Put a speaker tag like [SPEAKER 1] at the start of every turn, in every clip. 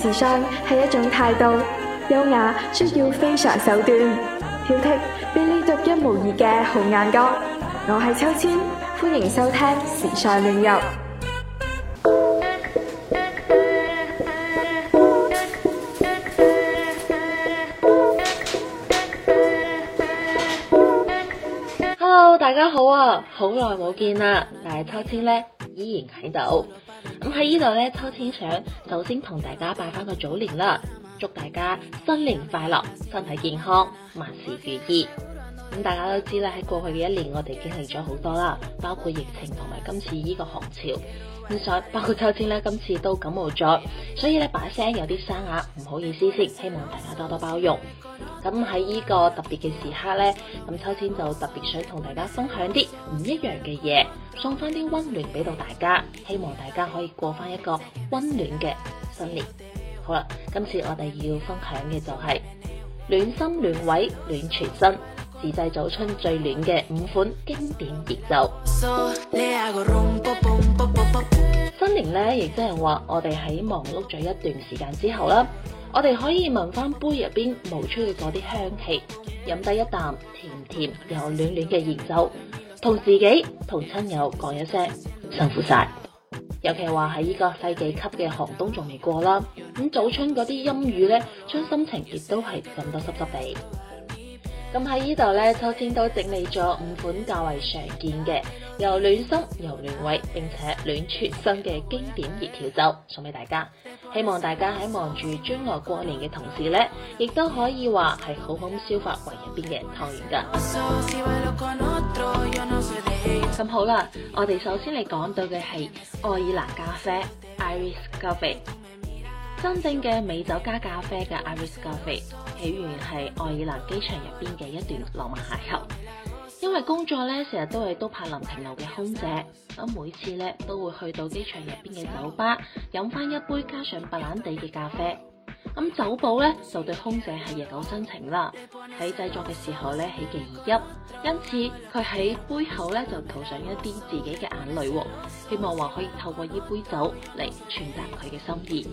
[SPEAKER 1] 時尚係一種態度，優雅需要非常手段，挑剔俾你獨一無二嘅紅眼哥。我係秋千，歡迎收聽時尚領域。Hello，大家好啊，好耐冇見啦，但係秋千呢，依然喺度。咁喺呢度咧，秋千想首先同大家拜翻個早年啦，祝大家新年快樂，身體健康，萬事如意。咁大家都知咧，喺過去嘅一年，我哋經歷咗好多啦，包括疫情同埋今次呢個寒潮。咁所包括秋千咧，今次都感冒咗，所以咧，把聲有啲沙啞，唔好意思先，希望大家多多包容。咁喺呢個特別嘅時刻呢，咁秋千就特別想同大家分享啲唔一樣嘅嘢，送翻啲溫暖俾到大家，希望大家可以過翻一個溫暖嘅新年。好啦，今次我哋要分享嘅就係、是、暖心暖胃暖全身自製早春最暖嘅五款經典熱酒。新年呢，亦即係話我哋喺忙碌咗一段時間之後啦。我哋可以聞翻杯入邊冒出去嗰啲香氣，飲低一啖，甜甜又暖暖嘅熱酒，同自己同親友講一聲辛苦晒。尤其係話喺呢個世紀級嘅寒冬仲未過啦，咁早春嗰啲陰雨呢，將心情亦都係浸得濕濕地。咁喺呢度呢，秋千都整理咗五款較為常見嘅又暖心又暖胃並且暖全身嘅經典熱調酒，送俾大家。希望大家喺忙住張羅過年嘅同時咧，亦都可以話係好好消化胃入邊嘅湯圓噶。咁、 嗯嗯嗯、好啦，我哋首先嚟講到嘅係愛爾蘭咖啡 （Irish Coffee），真正嘅美酒加咖啡嘅 Irish Coffee，起源係愛爾蘭機場入邊嘅一段浪漫邂逅。因為工作呢成日都係都柏林停留嘅空姐，每次呢都會去到機場入邊嘅酒吧飲返一杯，加上白蘭地嘅咖啡。咁酒保咧就對空姐係日久生情啦，喺製作嘅時候咧喜極而泣，因此佢喺杯口咧就塗上一啲自己嘅眼淚，希望話可以透過呢杯酒嚟傳達佢嘅心意。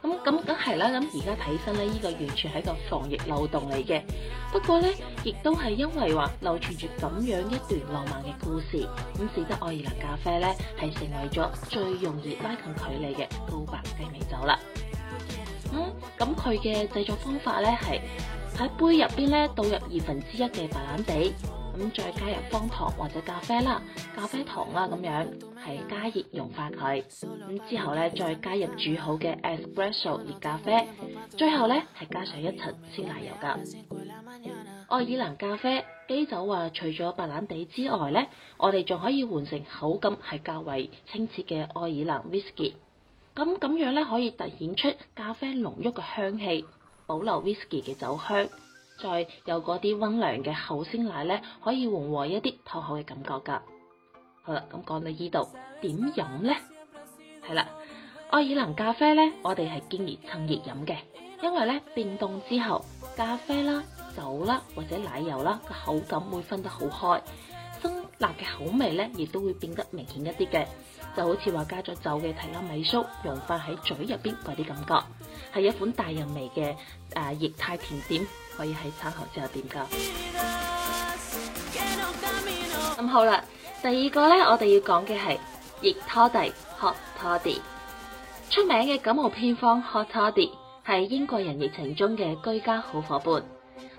[SPEAKER 1] 咁咁梗係啦，咁而家睇起身咧，呢個完全係一個防疫漏洞嚟嘅，不過咧亦都係因為話流傳住咁樣一段浪漫嘅故事，咁使得愛爾蘭咖啡咧係成為咗最容易拉近距離嘅告白雞尾酒啦。咁佢嘅製作方法咧，係喺杯入邊咧倒入二分之一嘅白蘭地，咁再加入方糖或者咖啡啦。咖啡糖啦、啊，咁樣係加熱溶化佢，咁、嗯、之後咧再加入煮好嘅 espresso 熱咖啡，最後咧係加上一層鮮奶油噶、嗯。愛爾蘭咖啡，基酒話，除咗白蘭地之外咧，我哋仲可以換成口感係較為清澈嘅愛爾蘭 whisky。咁咁樣咧，可以突顯出咖啡濃郁嘅香氣，保留 whisky 嘅酒香，再有嗰啲溫涼嘅厚鮮奶咧，可以緩和一啲燙口嘅感覺㗎。好啦，咁講到依度，點飲呢？係啦，愛爾蘭咖啡咧，我哋係建議趁熱飲嘅，因為咧變凍之後，咖啡啦、酒啦或者奶油啦，個口感會分得好開。辣嘅口味咧，亦都會變得明顯一啲嘅，就好似話加咗酒嘅提拉米蘇溶化喺嘴入邊嗰啲感覺，係一款大人味嘅誒液態甜點，可以喺餐後之後點噶咁好啦，第二個咧，我哋要講嘅係熱拖地 hot toddy。出名嘅感冒偏方 hot toddy 係英國人疫情中嘅居家好伙伴。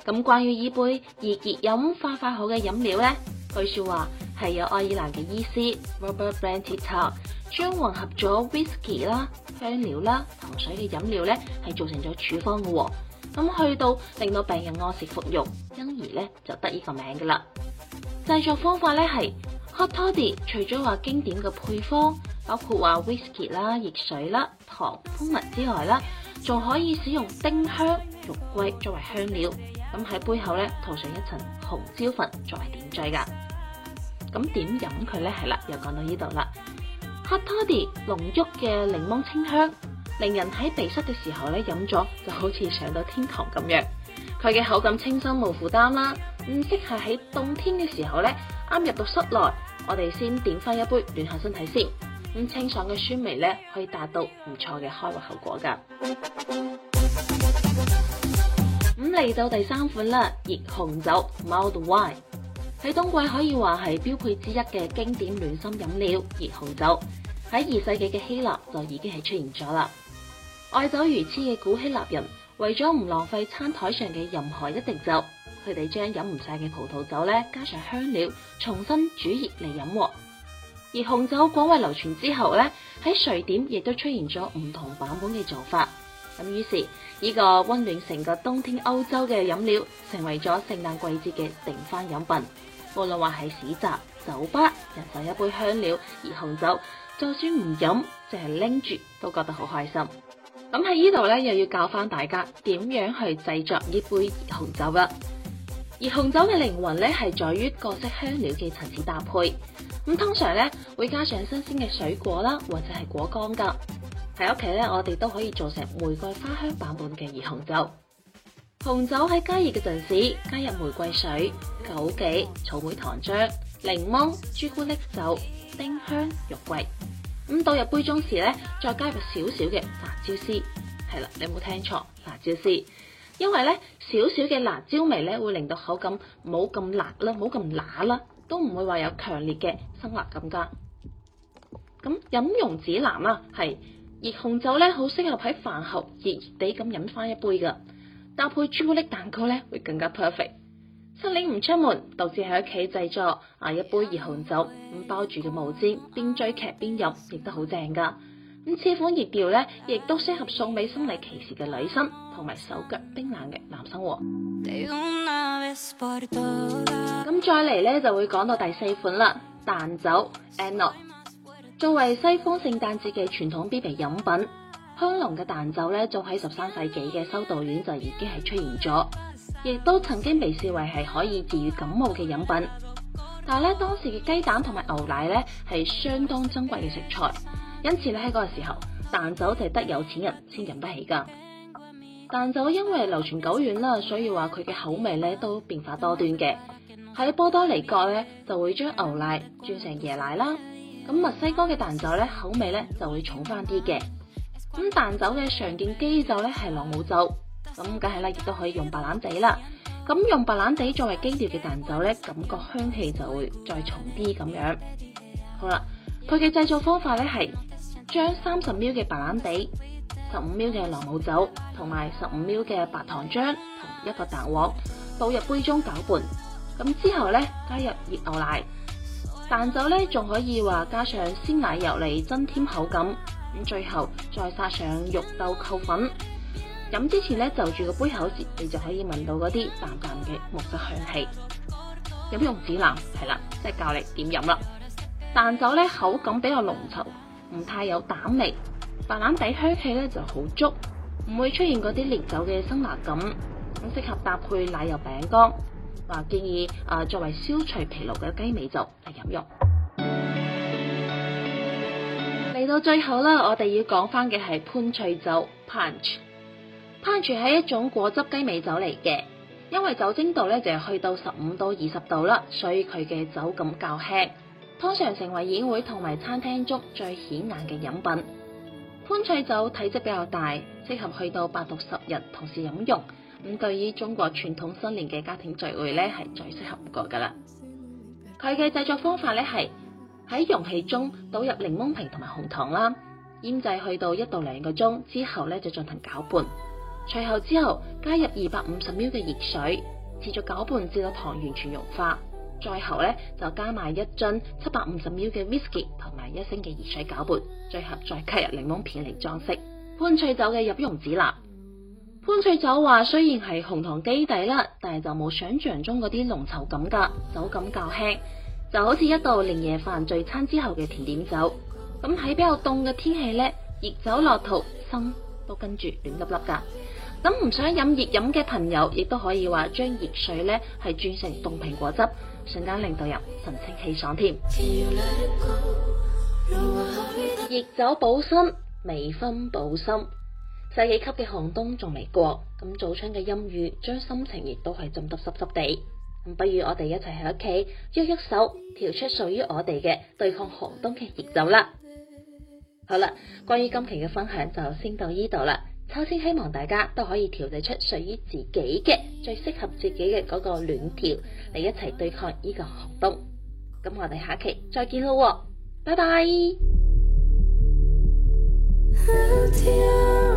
[SPEAKER 1] 咁關於以杯熱熱飲快快好嘅飲料咧？據說話係有愛爾蘭嘅醫師 Robert Bentley Todd 將混合咗 whisky 啦，香料啦，糖水嘅飲料咧，係做成咗處方嘅。咁去到令到病人按時服用，因而咧就得呢個名噶啦。製作方法咧，係 hot toddy，除咗話經典嘅配方，包括話 whisky 啦、熱水啦、糖、蜂蜜之外啦，仲可以使用丁香、肉桂作為香料。咁喺杯口咧，塗上一層紅椒粉作為點綴噶。咁點飲佢咧？係啦，又講到呢度啦。Hot Toddy 濃郁嘅檸檬清香，令人喺鼻塞嘅時候咧飲咗就好似上到天堂咁樣。佢嘅口感清新冇負擔啦。唔適合喺冬天嘅時候咧，啱入到室內，我哋先點翻一杯暖下身體先。咁清爽嘅酸味咧，可以達到唔錯嘅開胃效果噶。咁、嗯、嚟到第三款啦，熱紅酒 Mulled Wine）。喺冬季可以話係標配之一嘅經典暖心飲料熱紅酒，喺二世紀嘅希臘就已經係出現咗啦。愛酒如癡嘅古希臘人為咗唔浪費餐台上嘅任何一滴酒，佢哋將飲唔晒嘅葡萄酒咧加上香料，重新煮熱嚟飲。熱紅酒廣為流傳之後咧，喺瑞典亦都出現咗唔同版本嘅做法。咁於是，呢個溫暖成個冬天歐洲嘅飲料，成為咗聖誕季節嘅定番飲品。無論話係市集、酒吧，人手一杯香料熱紅酒，就算唔飲，淨係拎住都覺得好開心。咁喺呢度咧，又要教翻大家點樣去製作呢杯熱紅酒啦。熱紅酒嘅靈魂咧，係在於各式香料嘅層次搭配。咁通常咧，會加上新鮮嘅水果啦，或者係果乾噶喺屋企咧，我哋都可以做成玫瑰花香版本嘅熱紅酒。紅酒喺加熱嘅陣時，加入玫瑰水、枸杞、草莓糖漿、檸檬、朱古力酒、丁香、肉桂。咁倒入杯中時咧，再加入少少嘅辣椒絲。係啦，你冇聽錯，辣椒絲。因為咧，少少嘅辣椒味咧，會令到口感冇咁辣啦，冇咁乸啦，都唔會話有強烈嘅辛辣感噶。咁飲用指南啦，係、啊。熱紅酒咧，好適合喺飯後熱熱地咁飲翻一杯噶，搭配朱古力蛋糕咧，會更加 perfect。新年唔出門，獨自喺屋企製作啊，一杯熱紅酒咁包住嘅毛毯，邊追劇邊飲，亦都好正噶。咁此款熱調咧，亦都適合送俾生理期時嘅女生，同埋手腳冰冷嘅男生。咁、啊、再嚟咧，就會講到第四款啦，蛋酒 Egg nog。作為西方聖誕節嘅傳統必備飲品，香濃嘅蛋酒咧，早喺十三世紀嘅修道院就已經係出現咗，亦都曾經被視為係可以治愈感冒嘅飲品。但係咧，當時嘅雞蛋同埋牛奶咧，係相當珍貴嘅食材，因此咧喺嗰個時候，蛋酒就係得有，有錢人先飲得起噶。蛋酒因為流傳久遠啦，所以話佢嘅口味咧都變化多端嘅。喺波多黎各咧，就會將牛奶轉成椰奶啦。咁墨西哥嘅蛋酒咧，口味咧就會重翻啲嘅。咁蛋酒嘅常見基酒咧係朗姆酒，咁梗係啦，亦都可以用白蘭地啦。咁用白蘭地作為基調嘅蛋酒咧，感覺香氣就會再重啲咁樣。好啦，佢嘅製作方法咧係將三十 ml 嘅白蘭地、十五 ml 嘅朗姆酒同埋十五 ml 嘅白糖漿同一個蛋黃倒入杯中攪拌，咁之後咧加入熱牛奶。蛋酒咧，仲可以話加上鮮奶油嚟增添口感，咁最後再撒上肉豆蔻粉。飲之前咧，就住個杯口時，你就可以聞到嗰啲淡淡嘅木質香氣。飲用指南係啦，即係教你點飲啦。蛋酒咧，口感比較濃稠，唔太有蛋味，白蘭地香氣咧就好足，唔會出現嗰啲烈酒嘅辛辣感，咁適合搭配奶油餅乾。話建議，誒，作為消除疲勞嘅雞尾酒嚟飲用。嚟 到最後啦，我哋要講翻嘅係潘趣酒 （Punch）。Punch 係一種果汁雞尾酒嚟嘅，因為酒精度咧就係去到十五到二十度啦，所以佢嘅酒感較輕，通常成為宴會同埋餐廳中最顯眼嘅飲品。潘趣酒體積比較大，適合去到八到十人同時飲用。咁對於中國傳統新年嘅家庭聚會呢，係最適合唔過噶啦。佢嘅製作方法呢，係喺容器中倒入檸檬皮同埋紅糖啦，醃製去到一到兩個鐘之後呢，就進行攪拌。隨後之後加入二百五十 ml 嘅熱水，持續攪拌至到糖完全融化。再後呢，就加埋一樽七百五十 ml 嘅 whisky 同埋一升嘅熱水攪拌，最後再加入檸檬片嚟裝飾。潘趣酒嘅飲用指南。潘趣酒話雖然係紅糖基底啦，但係就冇想象中嗰啲濃稠感噶，酒感較輕，就好似一道年夜飯聚餐之後嘅甜點酒。咁喺比較凍嘅天氣呢，熱酒落肚，心都跟住暖粒粒噶。咁唔想飲熱飲嘅朋友，亦都可以話將熱水呢係轉成凍蘋果汁，瞬間令到人神清氣爽添。熱酒補身，微醺補心。世紀級嘅寒冬仲未過，咁早春嘅陰雨將心情亦都係浸得濕濕地。咁不如我哋一齊喺屋企喐喐手，調出屬於我哋嘅對抗寒冬嘅熱酒啦。好啦，關於今期嘅分享就先到呢度啦。秋千希望大家都可以調製出屬於自己嘅最適合自己嘅嗰個暖調嚟，一齊對抗呢個寒冬。咁我哋下期再見囉喎，拜拜。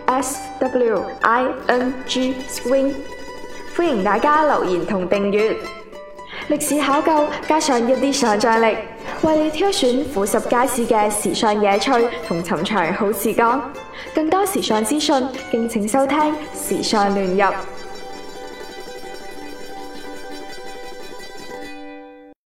[SPEAKER 1] Swing Swing，歡迎大家留言同訂閱。歷史考究加上一啲想象力，為你挑選富十街市嘅時尚野趣同尋常好時光。更多時尚資訊，敬請收聽《時尚亂入》。